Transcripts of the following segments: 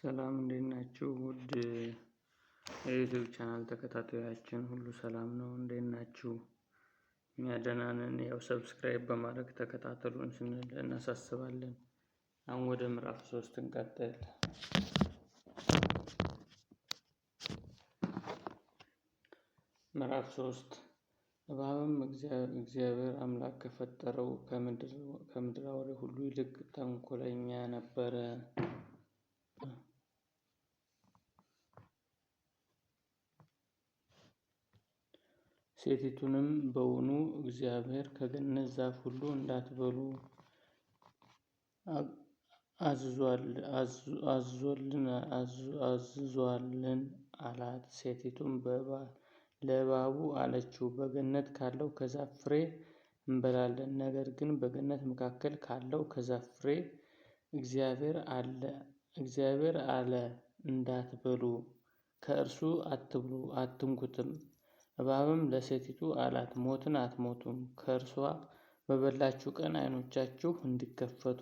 ሰላም እንዴት ናችሁ? ውድ የዩቲዩብ ቻናል ተከታታያችን ሁሉ ሰላም ነው? እንዴት ናችሁ? የሚያደናንን ያው ሰብስክራይብ በማድረግ ተከታተሉን ስንል እናሳስባለን። አሁን ወደ ምዕራፍ ሶስት እንቀጥል። ምዕራፍ ሶስት እባብም እግዚአብሔር አምላክ ከፈጠረው ከምድር አውሬ ሁሉ ይልቅ ተንኮለኛ ነበረ። ሴቲቱንም በውኑ እግዚአብሔር ከገነት ዛፍ ሁሉ እንዳትበሉ አዝዟልን አላት። ሴቲቱም ለእባቡ አለችው፣ በገነት ካለው ከዛፍ ፍሬ እንበላለን፣ ነገር ግን በገነት መካከል ካለው ከዛፍ ፍሬ እግዚአብሔር አለ እንዳትበሉ፣ ከእርሱ አትብሉ፣ አትንኩትም እባብም ለሴቲቱ አላት ሞትን አትሞቱም ከእርሷ በበላችሁ ቀን ዓይኖቻችሁ እንዲከፈቱ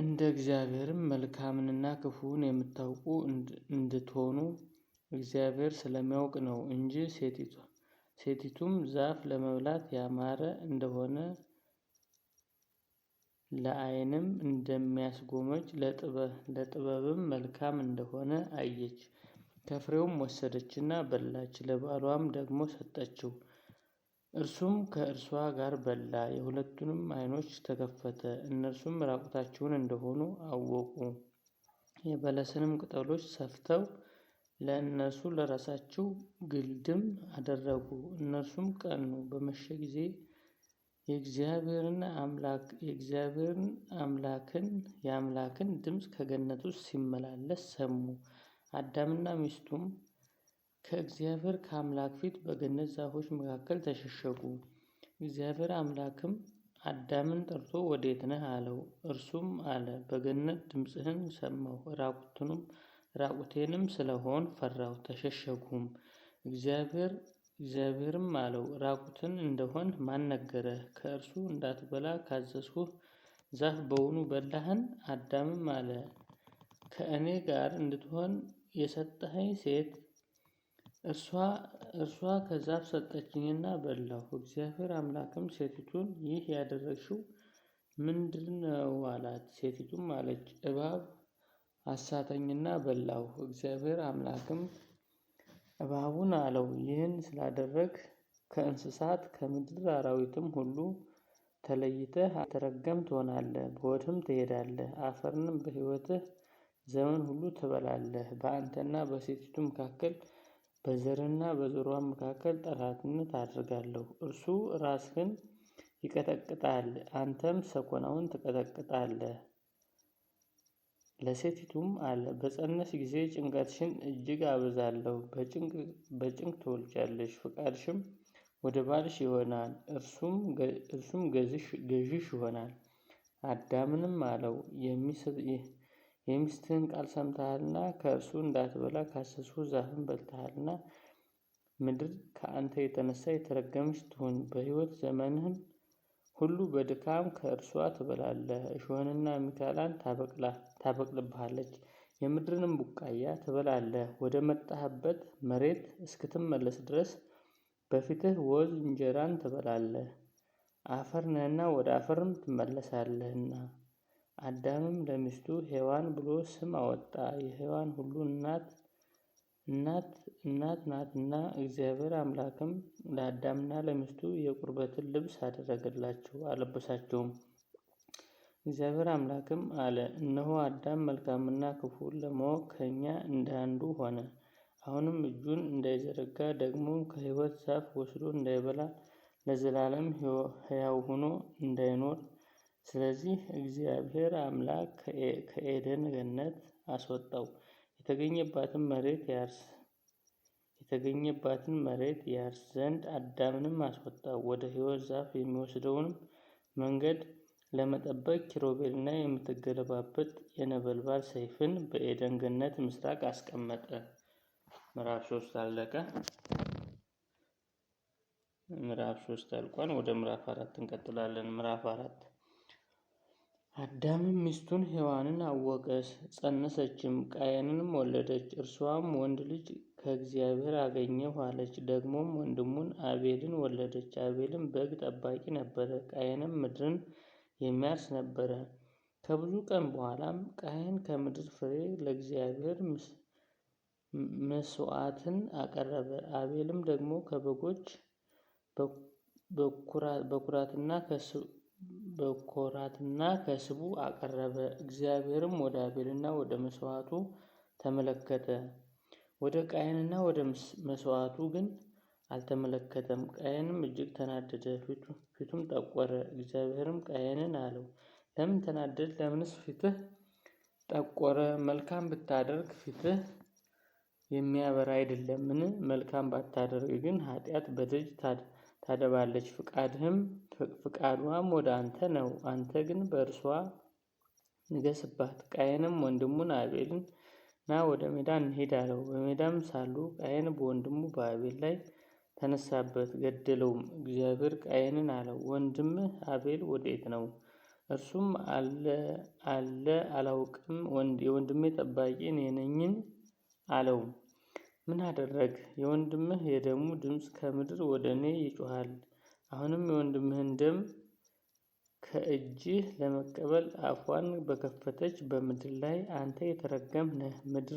እንደ እግዚአብሔርም መልካምንና ክፉውን የምታውቁ እንድትሆኑ እግዚአብሔር ስለሚያውቅ ነው እንጂ ሴቲቱ ሴቲቱም ዛፍ ለመብላት ያማረ እንደሆነ ለዓይንም እንደሚያስጎመጅ ለጥበብም መልካም እንደሆነ አየች። ከፍሬውም ወሰደችና በላች፣ ለባሏም ደግሞ ሰጠችው። እርሱም ከእርሷ ጋር በላ። የሁለቱንም ዓይኖች ተከፈተ፣ እነርሱም ራቁታቸውን እንደሆኑ አወቁ። የበለስንም ቅጠሎች ሰፍተው ለእነርሱ ለራሳቸው ግልድም አደረጉ። እነርሱም ቀኑ። በመሸ ጊዜ የእግዚአብሔርን አምላክ የእግዚአብሔርን አምላክን የአምላክን ድምፅ ከገነት ውስጥ ሲመላለስ ሰሙ። አዳምና ሚስቱም ከእግዚአብሔር ከአምላክ ፊት በገነት ዛፎች መካከል ተሸሸጉ። እግዚአብሔር አምላክም አዳምን ጠርቶ ወዴት ነህ አለው። እርሱም አለ በገነት ድምፅህን ሰማሁ፣ ራቁትንም ራቁቴንም ስለሆን ፈራሁ፣ ተሸሸጉም። እግዚአብሔር እግዚአብሔርም አለው ራቁትን እንደሆን ማን ነገረህ? ከእርሱ እንዳትበላ ካዘዝሁህ ዛፍ በውኑ በላህን? አዳምም አለ ከእኔ ጋር እንድትሆን የሰጠኸኝ ሴት እርሷ ከዛፍ ሰጠችኝና በላሁ። እግዚአብሔር አምላክም ሴቲቱን ይህ ያደረግሽው ነው አላት። ሴቲቱም አለች እባብ አሳተኝና በላሁ። እግዚአብሔር አምላክም እባቡን አለው ይህን ስላደረግ ከእንስሳት ከምድር አራዊትም ሁሉ ተለይተህ አተረገም ትሆናለህ፣ በሆድህም ትሄዳለህ፣ አፈርንም በሕይወትህ ዘመን ሁሉ ትበላለህ። በአንተና በሴቲቱ መካከል በዘርና በዘሯም መካከል ጠላትነት አድርጋለሁ እርሱ ራስህን ይቀጠቅጣል አንተም ሰኮናውን ትቀጠቅጣለህ። ለሴቲቱም አለ በፀነስሽ ጊዜ ጭንቀትሽን እጅግ አበዛለሁ በጭንቅ ትወልጃለሽ ፍቃድሽም ወደ ባልሽ ይሆናል እርሱም ገዥሽ ይሆናል። አዳምንም አለው የሚስብ የሚስትህን ቃል ሰምተሃልና ከእርሱ እንዳትበላ ካሰስሁ ዛፍን በልተሃልና ምድር ከአንተ የተነሳ የተረገመች ትሁን። በሕይወት ዘመንህም ሁሉ በድካም ከእርሷ ትበላለህ። እሾህንና ሚካላን ታበቅልብሃለች፣ የምድርንም ቡቃያ ትበላለህ። ወደ መጣህበት መሬት እስክትመለስ ድረስ በፊትህ ወዝ እንጀራን ትበላለህ። አፈር ነህና ወደ አፈርም ትመለሳለህና አዳምም ለሚስቱ ሔዋን ብሎ ስም አወጣ። የሔዋን ሁሉ እናት እናት እናት ናትና። እግዚአብሔር አምላክም ለአዳምና ለሚስቱ የቁርበትን ልብስ አደረገላቸው አለበሳቸውም። እግዚአብሔር አምላክም አለ፣ እነሆ አዳም መልካምና ክፉ ለማወቅ ከእኛ እንደ አንዱ ሆነ። አሁንም እጁን እንዳይዘረጋ ደግሞ ከሕይወት ዛፍ ወስዶ እንዳይበላ ለዘላለም ሕያው ሆኖ እንዳይኖር ስለዚህ እግዚአብሔር አምላክ ከኤደን ገነት አስወጣው። የተገኘባትን መሬት ያርስ የተገኘባትን መሬት ያርስ ዘንድ አዳምንም አስወጣው። ወደ ሕይወት ዛፍ የሚወስደውንም መንገድ ለመጠበቅ ኪሮቤልና የምትገለባበት የነበልባል ሰይፍን በኤደን ገነት ምስራቅ አስቀመጠ። ምዕራፍ ሶስት አለቀ። ምዕራፍ ሶስት አልቋን ወደ ምዕራፍ አራት እንቀጥላለን። ምዕራፍ አራት አዳምም ሚስቱን ሔዋንን አወቀ፣ ጸነሰችም፣ ቃየንንም ወለደች። እርሷም ወንድ ልጅ ከእግዚአብሔር አገኘሁ አለች። ደግሞም ወንድሙን አቤልን ወለደች። አቤልም በግ ጠባቂ ነበረ፣ ቃየንም ምድርን የሚያርስ ነበረ። ከብዙ ቀን በኋላም ቃየን ከምድር ፍሬ ለእግዚአብሔር መስዋዕትን አቀረበ። አቤልም ደግሞ ከበጎች በኩራትና በኮራትና ከስቡ አቀረበ። እግዚአብሔርም ወደ አቤልና ወደ መስዋዕቱ ተመለከተ፣ ወደ ቃየንና ወደ መስዋዕቱ ግን አልተመለከተም። ቃየንም እጅግ ተናደደ፣ ፊቱም ጠቆረ። እግዚአብሔርም ቃየንን አለው፣ ለምን ተናደድ? ለምንስ ፊትህ ጠቆረ? መልካም ብታደርግ ፊትህ የሚያበራ አይደለምን? መልካም ባታደርግ ግን ኃጢአት በደጅ ታደባለች፣ ፈቃድህም ፍቃዷም ወደ አንተ ነው። አንተ ግን በእርሷ ንገስባት። ቃየንም ወንድሙን አቤልን ና ወደ ሜዳ እንሄድ አለው። በሜዳም ሳሉ ቃየን በወንድሙ በአቤል ላይ ተነሳበት፣ ገደለውም። እግዚአብሔር ቃየንን አለው፣ ወንድምህ አቤል ወዴት ነው? እርሱም አለ አለ አላውቅም፣ የወንድሜ ጠባቂ እኔ ነኝን አለው። ምን አደረግ? የወንድምህ የደሙ ድምፅ ከምድር ወደ እኔ ይጮሃል አሁንም የወንድምህን ደም ከእጅህ ለመቀበል አፏን በከፈተች በምድር ላይ አንተ የተረገምህ ነህ።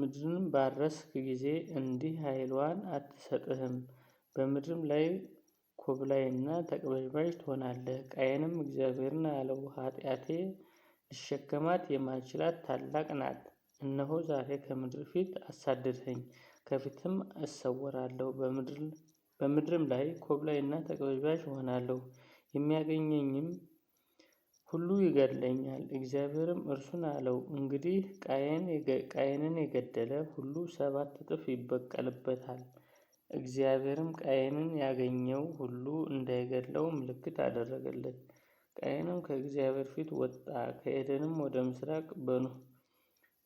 ምድርን ባረስክ ጊዜ እንዲህ ኃይልዋን አትሰጥህም። በምድርም ላይ ኮብላይና ተቅበዝባዥ ትሆናለህ። ቃየንም እግዚአብሔርን አለው፣ ኃጢአቴ ልሸከማት የማልችላት ታላቅ ናት። እነሆ ዛሬ ከምድር ፊት አሳደድኸኝ፣ ከፊትም እሰወራለሁ በምድር በምድርም ላይ ኮብላይ እና ተቅበዝባዥ እሆናለሁ፣ የሚያገኘኝም ሁሉ ይገድለኛል። እግዚአብሔርም እርሱን አለው፣ እንግዲህ ቃየንን የገደለ ሁሉ ሰባት እጥፍ ይበቀልበታል። እግዚአብሔርም ቃየንን ያገኘው ሁሉ እንዳይገድለው ምልክት አደረገለት። ቃየንም ከእግዚአብሔር ፊት ወጣ፣ ከኤደንም ወደ ምስራቅ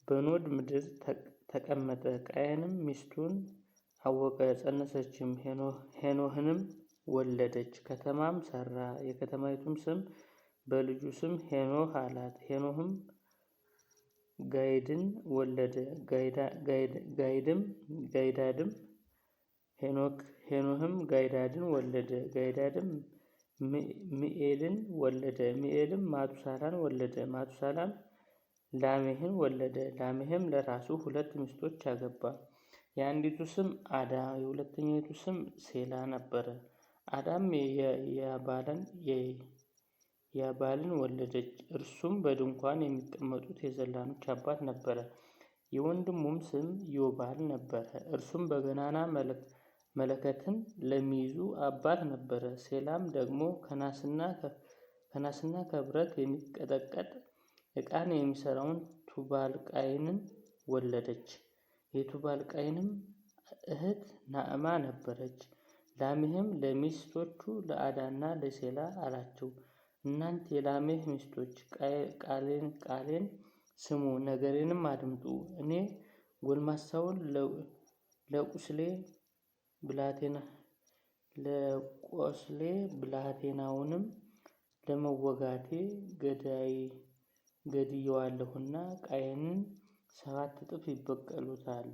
በኖድ ምድር ተቀመጠ። ቃየንም ሚስቱን አወቀ ጸነሰችም፣ ሄኖህንም ወለደች። ከተማም ሰራ። የከተማይቱም ስም በልጁ ስም ሄኖህ አላት። ሄኖህም ጋይድን ወለደ። ጋይድም ጋይዳድም ሄኖህም ጋይዳድን ወለደ። ጋይዳድም ሚኤልን ወለደ። ሚኤልም ማቱሳላን ወለደ። ማቱሳላም ላሜህን ወለደ። ላሜህም ለራሱ ሁለት ሚስቶች አገባ። የአንዲቱ ስም አዳ የሁለተኛይቱ ስም ሴላ ነበረ። አዳም ያባልን ወለደች። እርሱም በድንኳን የሚቀመጡት የዘላኖች አባት ነበረ። የወንድሙም ስም ዮባል ነበረ። እርሱም በገናና መለከትን ለሚይዙ አባት ነበረ። ሴላም ደግሞ ከናስና ከብረት የሚቀጠቀጥ ዕቃን የሚሰራውን ቱባልቃይንን ወለደች። የቱባልቃይንም እህት ናዕማ ነበረች። ላሜህም ለሚስቶቹ ለአዳና ለሴላ አላቸው፣ እናንት የላሜህ ሚስቶች ቃሌን ቃሌን ስሙ፣ ነገሬንም አድምጡ። እኔ ጎልማሳውን ለቁስሌ ብላቴና ለቆስሌ ብላቴናውንም ለመወጋቴ ገዳይ ገድየዋለሁና ቃየንን ሰባት እጥፍ ይበቀሉታል።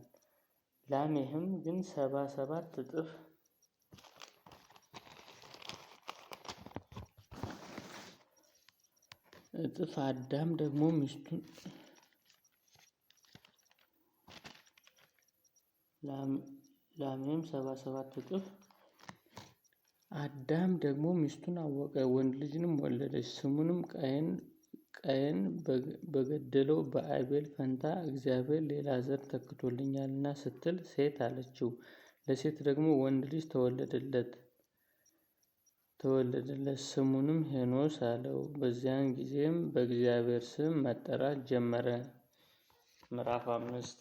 ላሜህም ግን ሰባ ሰባት እጥፍ እጥፍ አዳም ደግሞ ሚስቱን ላሜም ሰባ ሰባት እጥፍ አዳም ደግሞ ሚስቱን አወቀ፣ ወንድ ልጅንም ወለደች። ስሙንም ቃየን ቃየን በገደለው በአቤል ፈንታ እግዚአብሔር ሌላ ዘር ተክቶልኛልና ስትል ሴት አለችው። ለሴት ደግሞ ወንድ ልጅ ተወለደለት ተወለደለት ስሙንም ሄኖስ አለው። በዚያን ጊዜም በእግዚአብሔር ስም መጠራት ጀመረ። ምዕራፍ አምስት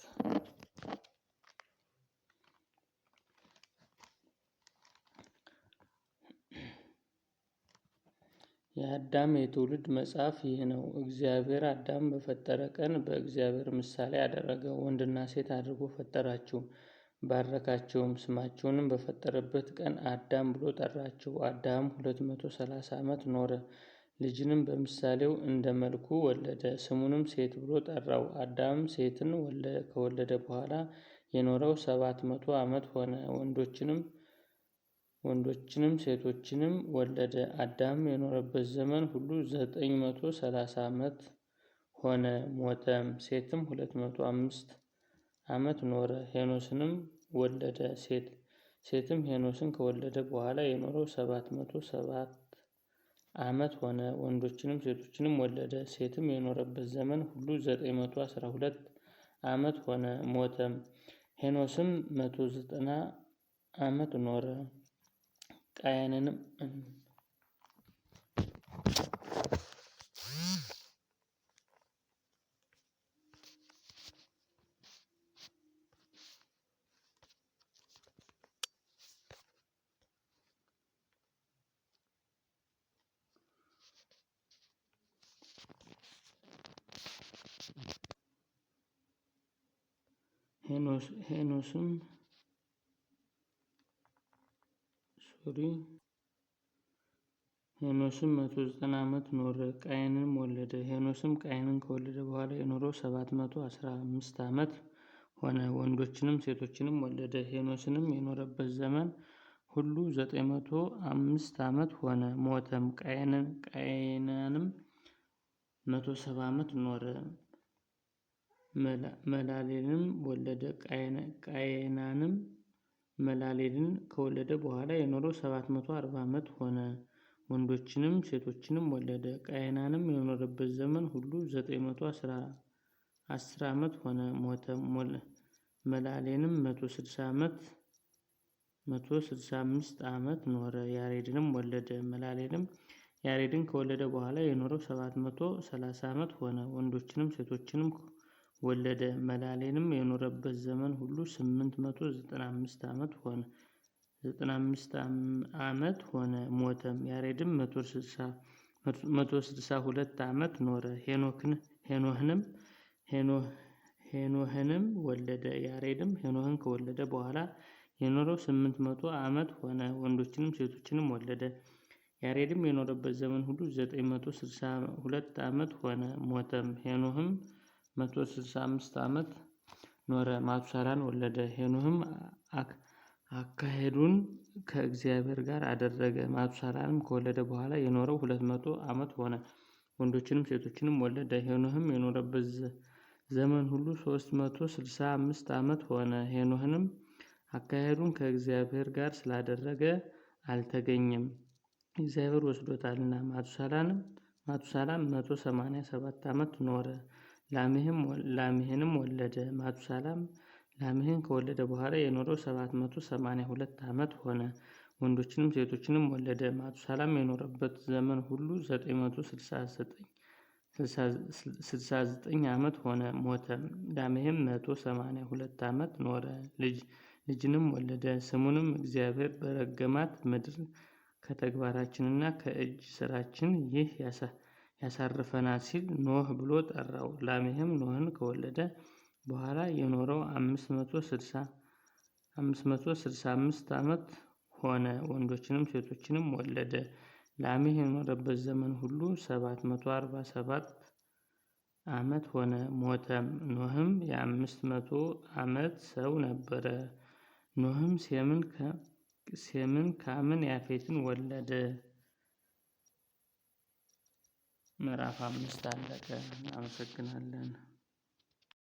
የአዳም የትውልድ መጽሐፍ ይህ ነው። እግዚአብሔር አዳም በፈጠረ ቀን በእግዚአብሔር ምሳሌ አደረገ፣ ወንድና ሴት አድርጎ ፈጠራቸው። ባረካቸውም፣ ስማቸውንም በፈጠረበት ቀን አዳም ብሎ ጠራቸው። አዳም 230 ዓመት ኖረ፣ ልጅንም በምሳሌው እንደ መልኩ ወለደ፣ ስሙንም ሴት ብሎ ጠራው። አዳም ሴትን ከወለደ በኋላ የኖረው ሰባት መቶ ዓመት ሆነ። ወንዶችንም ወንዶችንም ሴቶችንም ወለደ። አዳም የኖረበት ዘመን ሁሉ ዘጠኝ መቶ ሰላሳ ዓመት ሆነ፣ ሞተም። ሴትም ሁለት መቶ አምስት ዓመት ኖረ፣ ሄኖስንም ወለደ። ሴት ሴትም ሄኖስን ከወለደ በኋላ የኖረው ሰባት መቶ ሰባት ዓመት ሆነ፣ ወንዶችንም ሴቶችንም ወለደ። ሴትም የኖረበት ዘመን ሁሉ ዘጠኝ መቶ አስራ ሁለት ዓመት ሆነ፣ ሞተም። ሄኖስም መቶ ዘጠና ዓመት ኖረ። Dayananım. Henüz, henüzün ፍሪ ሄኖስም መቶ ዘጠና ዓመት ኖረ፣ ቃየንንም ወለደ። ሄኖስም ቃየንን ከወለደ በኋላ የኖረው ሰባት መቶ አስራ አምስት ዓመት ሆነ፣ ወንዶችንም ሴቶችንም ወለደ። ሄኖስንም የኖረበት ዘመን ሁሉ ዘጠኝ መቶ አምስት ዓመት ሆነ፣ ሞተም። ቃየናንም መቶ ሰባ ዓመት ኖረ፣ መላሌንም ወለደ። ቃየናንም መላሌድን ከወለደ በኋላ የኖረው 740 ዓመት ሆነ። ወንዶችንም ሴቶችንም ወለደ። ቃይናንም የኖረበት ዘመን ሁሉ 910 ዓመት ሆነ፣ ሞተ። መላሌንም 160 ዓመት 165 ዓመት ኖረ፣ ያሬድንም ወለደ። መላሌንም ያሬድን ከወለደ በኋላ የኖረው 730 ዓመት ሆነ። ወንዶችንም ሴቶችንም ወለደ። መላሌንም የኖረበት ዘመን ሁሉ 895 አመት ሆነ 95 ዓመት ሆነ ሞተም። ያሬድም 162 ዓመት ኖረ። ሄኖህንም ሄኖህንም ወለደ። ያሬድም ሄኖህን ከወለደ በኋላ የኖረው 800 አመት ሆነ። ወንዶችንም ሴቶችንም ወለደ። ያሬድም የኖረበት ዘመን ሁሉ 962 አመት ሆነ ሞተም። ሄኖህም መቶ ስልሳ አምስት ዓመት ኖረ፣ ማቱሳላን ወለደ። ሄኖህም አካሄዱን ከእግዚአብሔር ጋር አደረገ። ማቱሳላንም ከወለደ በኋላ የኖረው ሁለት መቶ ዓመት ሆነ፣ ወንዶችንም ሴቶችንም ወለደ። ሄኖህም የኖረበት ዘመን ሁሉ ሶስት መቶ ስልሳ አምስት ዓመት ሆነ። ሄኖህንም አካሄዱን ከእግዚአብሔር ጋር ስላደረገ አልተገኘም፣ እግዚአብሔር ወስዶታልና። ማቱሳላንም ማቱሳላም መቶ ሰማንያ ሰባት ዓመት ኖረ። ላሜህንም ወለደ። ማቱሳላም ላሜህን ከወለደ በኋላ የኖረው 782 ዓመት ሆነ። ወንዶችንም ሴቶችንም ወለደ። ማቱሳላም የኖረበት ዘመን ሁሉ 969 ዓመት ሆነ፣ ሞተ። ላሜህም 182 ዓመት ኖረ፣ ልጅ ልጅንም ወለደ። ስሙንም እግዚአብሔር በረገማት ምድር ከተግባራችንና ከእጅ ስራችን ይህ ያሳ ያሳርፈናል ሲል ኖህ ብሎ ጠራው። ላሜህም ኖህን ከወለደ በኋላ የኖረው 565 ዓመት ሆነ፣ ወንዶችንም ሴቶችንም ወለደ። ላሜህ የኖረበት ዘመን ሁሉ 747 ዓመት ሆነ፣ ሞተም። ኖህም የ500 ዓመት ሰው ነበረ። ኖህም ሴምን፣ ካምን፣ ያፌትን ወለደ። ምዕራፍ አምስት አለቀ። እናመሰግናለን።